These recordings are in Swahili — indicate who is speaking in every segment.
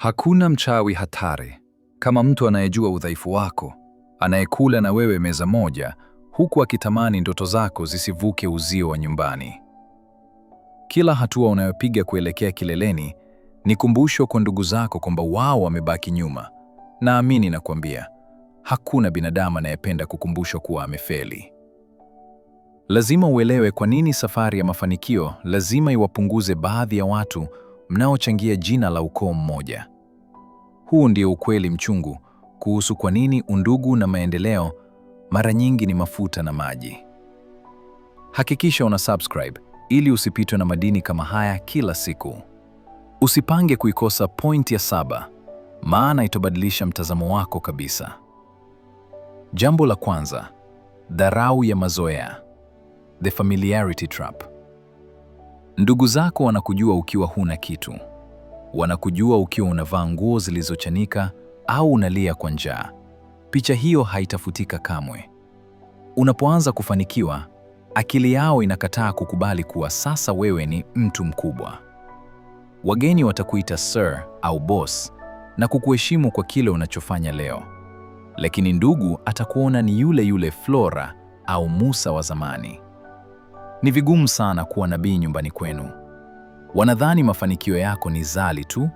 Speaker 1: Hakuna mchawi hatari kama mtu anayejua udhaifu wako, anayekula na wewe meza moja huku akitamani ndoto zako zisivuke uzio wa nyumbani. Kila hatua unayopiga kuelekea kileleni ni kumbusho kwa ndugu zako kwamba wao wamebaki nyuma. Naamini nakwambia, hakuna binadamu anayependa kukumbushwa kuwa amefeli. Lazima uelewe kwa nini safari ya mafanikio lazima iwapunguze baadhi ya watu mnaochangia jina la ukoo mmoja. Huu ndio ukweli mchungu kuhusu kwa nini undugu na maendeleo mara nyingi ni mafuta na maji. Hakikisha una subscribe ili usipitwe na madini kama haya kila siku. Usipange kuikosa point ya saba, maana itabadilisha mtazamo wako kabisa. Jambo la kwanza, dharau ya mazoea, the familiarity trap. Ndugu zako wanakujua ukiwa huna kitu. Wanakujua ukiwa unavaa nguo zilizochanika au unalia kwa njaa. Picha hiyo haitafutika kamwe. Unapoanza kufanikiwa, akili yao inakataa kukubali kuwa sasa wewe ni mtu mkubwa. Wageni watakuita sir au boss na kukuheshimu kwa kile unachofanya leo, lakini ndugu atakuona ni yule yule Flora au Musa wa zamani. Ni vigumu sana kuwa nabii nyumbani kwenu. Wanadhani mafanikio yako ni zali tu,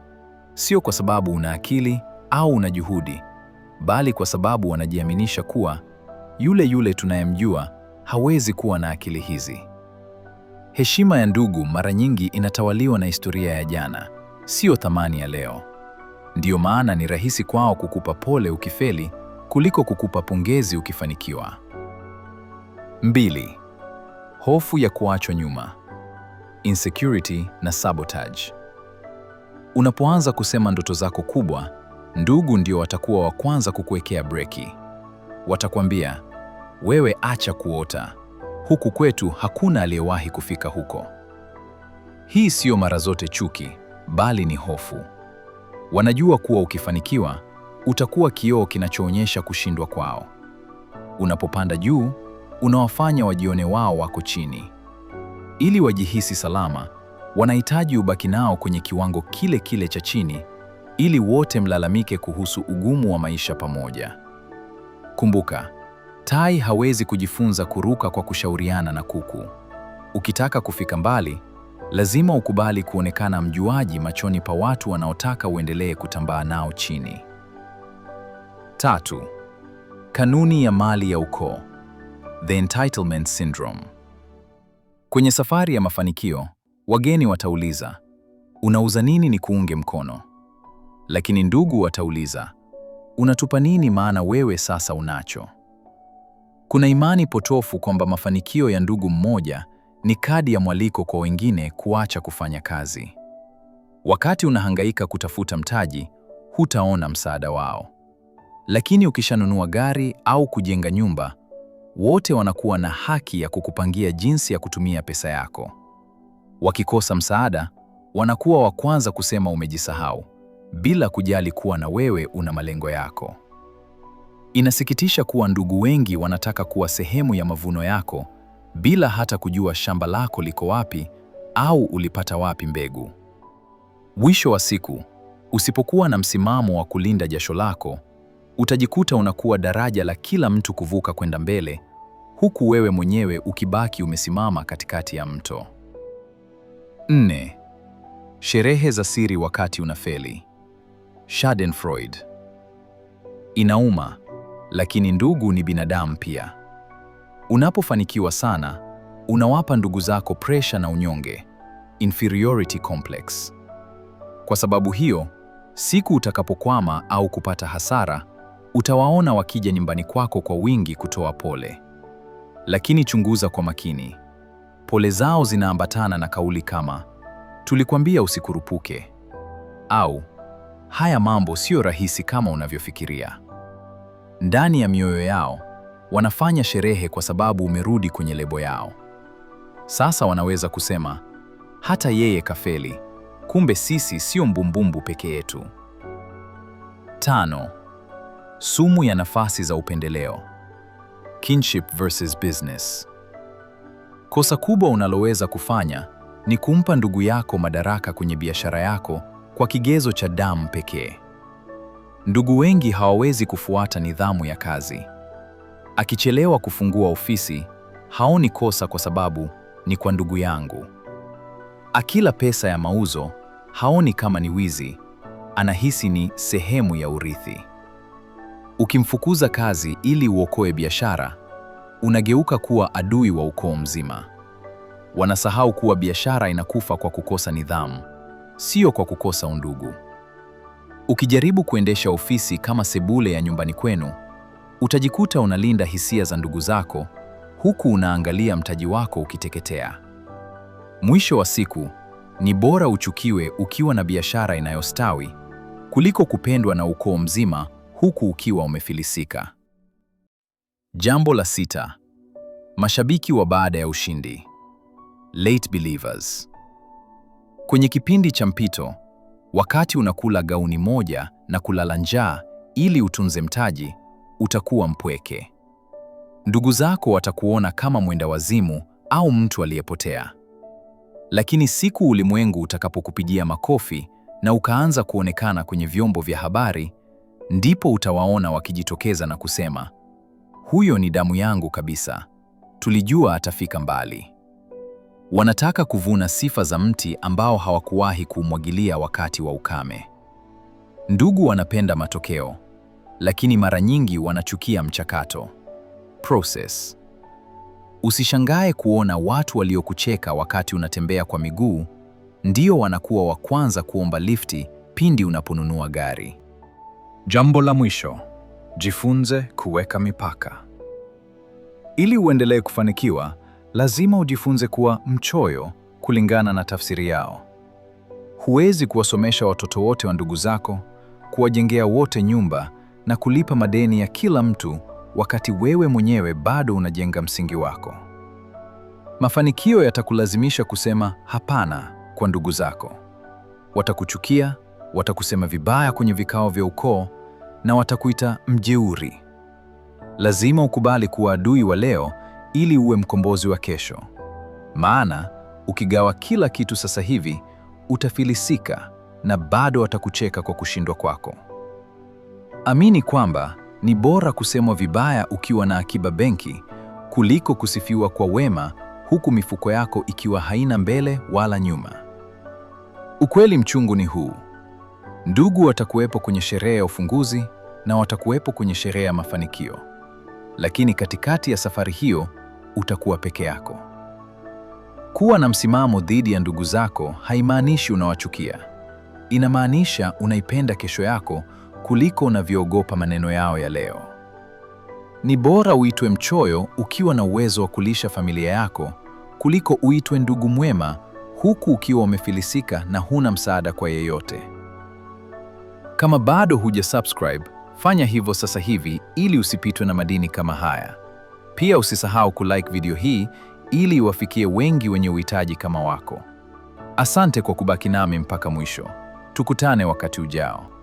Speaker 1: sio kwa sababu una akili au una juhudi, bali kwa sababu wanajiaminisha kuwa yule yule tunayemjua hawezi kuwa na akili hizi. Heshima ya ndugu mara nyingi inatawaliwa na historia ya jana, sio thamani ya leo. Ndiyo maana ni rahisi kwao kukupa pole ukifeli kuliko kukupa pongezi ukifanikiwa. Mbili, hofu ya kuachwa nyuma insecurity na sabotage. Unapoanza kusema ndoto zako kubwa, ndugu ndio watakuwa wa kwanza kukuwekea breki. Watakwambia, wewe acha kuota, huku kwetu hakuna aliyewahi kufika huko. Hii siyo mara zote chuki, bali ni hofu. Wanajua kuwa ukifanikiwa utakuwa kioo kinachoonyesha kushindwa kwao. Unapopanda juu, unawafanya wajione wao wako chini. Ili wajihisi salama, wanahitaji ubaki nao kwenye kiwango kile kile cha chini ili wote mlalamike kuhusu ugumu wa maisha pamoja. Kumbuka, tai hawezi kujifunza kuruka kwa kushauriana na kuku. Ukitaka kufika mbali, lazima ukubali kuonekana mjuaji machoni pa watu wanaotaka uendelee kutambaa nao chini. Tatu, kanuni ya mali ya ukoo, the entitlement syndrome. Kwenye safari ya mafanikio, wageni watauliza, unauza nini ni kuunge mkono? Lakini ndugu watauliza, unatupa nini maana wewe sasa unacho? Kuna imani potofu kwamba mafanikio ya ndugu mmoja ni kadi ya mwaliko kwa wengine kuacha kufanya kazi. Wakati unahangaika kutafuta mtaji, hutaona msaada wao. Lakini ukishanunua gari au kujenga nyumba, wote wanakuwa na haki ya kukupangia jinsi ya kutumia pesa yako. Wakikosa msaada, wanakuwa wa kwanza kusema umejisahau, bila kujali kuwa na wewe una malengo yako. Inasikitisha kuwa ndugu wengi wanataka kuwa sehemu ya mavuno yako bila hata kujua shamba lako liko wapi au ulipata wapi mbegu. Mwisho wa siku, usipokuwa na msimamo wa kulinda jasho lako, utajikuta unakuwa daraja la kila mtu kuvuka kwenda mbele, huku wewe mwenyewe ukibaki umesimama katikati ya mto. Nne, sherehe za siri wakati unafeli. Schadenfreude. Inauma, lakini ndugu ni binadamu pia. Unapofanikiwa sana, unawapa ndugu zako presha na unyonge, inferiority complex. Kwa sababu hiyo, siku utakapokwama au kupata hasara Utawaona wakija nyumbani kwako kwa wingi kutoa pole. Lakini chunguza kwa makini. Pole zao zinaambatana na kauli kama tulikwambia usikurupuke, au haya mambo sio rahisi kama unavyofikiria. Ndani ya mioyo yao wanafanya sherehe kwa sababu umerudi kwenye lebo yao. Sasa wanaweza kusema hata yeye kafeli, kumbe sisi sio mbumbumbu peke yetu. Tano. Sumu ya nafasi za upendeleo. Kinship versus business. Kosa kubwa unaloweza kufanya ni kumpa ndugu yako madaraka kwenye biashara yako kwa kigezo cha damu pekee. Ndugu wengi hawawezi kufuata nidhamu ya kazi. Akichelewa kufungua ofisi, haoni kosa kwa sababu ni kwa ndugu yangu. Akila pesa ya mauzo, haoni kama ni wizi, anahisi ni sehemu ya urithi. Ukimfukuza kazi ili uokoe biashara, unageuka kuwa adui wa ukoo mzima. Wanasahau kuwa biashara inakufa kwa kukosa nidhamu, sio kwa kukosa undugu. Ukijaribu kuendesha ofisi kama sebule ya nyumbani kwenu, utajikuta unalinda hisia za ndugu zako huku unaangalia mtaji wako ukiteketea. Mwisho wa siku, ni bora uchukiwe ukiwa na biashara inayostawi kuliko kupendwa na ukoo mzima huku ukiwa umefilisika. Jambo la sita: mashabiki wa baada ya ushindi, late believers. Kwenye kipindi cha mpito, wakati unakula gauni moja na kulala njaa ili utunze mtaji, utakuwa mpweke. Ndugu zako watakuona kama mwenda wazimu au mtu aliyepotea. Lakini siku ulimwengu utakapokupigia makofi na ukaanza kuonekana kwenye vyombo vya habari, ndipo utawaona wakijitokeza na kusema, huyo ni damu yangu kabisa, tulijua atafika mbali. Wanataka kuvuna sifa za mti ambao hawakuwahi kuumwagilia wakati wa ukame. Ndugu wanapenda matokeo, lakini mara nyingi wanachukia mchakato process. Usishangae kuona watu waliokucheka wakati unatembea kwa miguu ndio wanakuwa wa kwanza kuomba lifti pindi unaponunua gari. Jambo la mwisho, jifunze kuweka mipaka. Ili uendelee kufanikiwa, lazima ujifunze kuwa mchoyo kulingana na tafsiri yao. Huwezi kuwasomesha watoto wote wa ndugu zako, kuwajengea wote nyumba na kulipa madeni ya kila mtu wakati wewe mwenyewe bado unajenga msingi wako. Mafanikio yatakulazimisha kusema hapana kwa ndugu zako. Watakuchukia watakusema vibaya kwenye vikao vya ukoo na watakuita mjeuri. Lazima ukubali kuwa adui wa leo ili uwe mkombozi wa kesho. Maana ukigawa kila kitu sasa hivi utafilisika na bado watakucheka kwa kushindwa kwako. Amini kwamba ni bora kusemwa vibaya ukiwa na akiba benki kuliko kusifiwa kwa wema huku mifuko yako ikiwa haina mbele wala nyuma. Ukweli mchungu ni huu. Ndugu watakuwepo kwenye sherehe ya ufunguzi na watakuwepo kwenye sherehe ya mafanikio, lakini katikati ya safari hiyo utakuwa peke yako. Kuwa na msimamo dhidi ya ndugu zako haimaanishi unawachukia. Inamaanisha unaipenda kesho yako kuliko unavyoogopa maneno yao ya leo. Ni bora uitwe mchoyo ukiwa na uwezo wa kulisha familia yako kuliko uitwe ndugu mwema huku ukiwa umefilisika na huna msaada kwa yeyote. Kama bado huja subscribe, fanya hivyo sasa hivi ili usipitwe na madini kama haya. Pia usisahau kulike video hii ili iwafikie wengi wenye uhitaji kama wako. Asante kwa kubaki nami mpaka mwisho. Tukutane wakati ujao.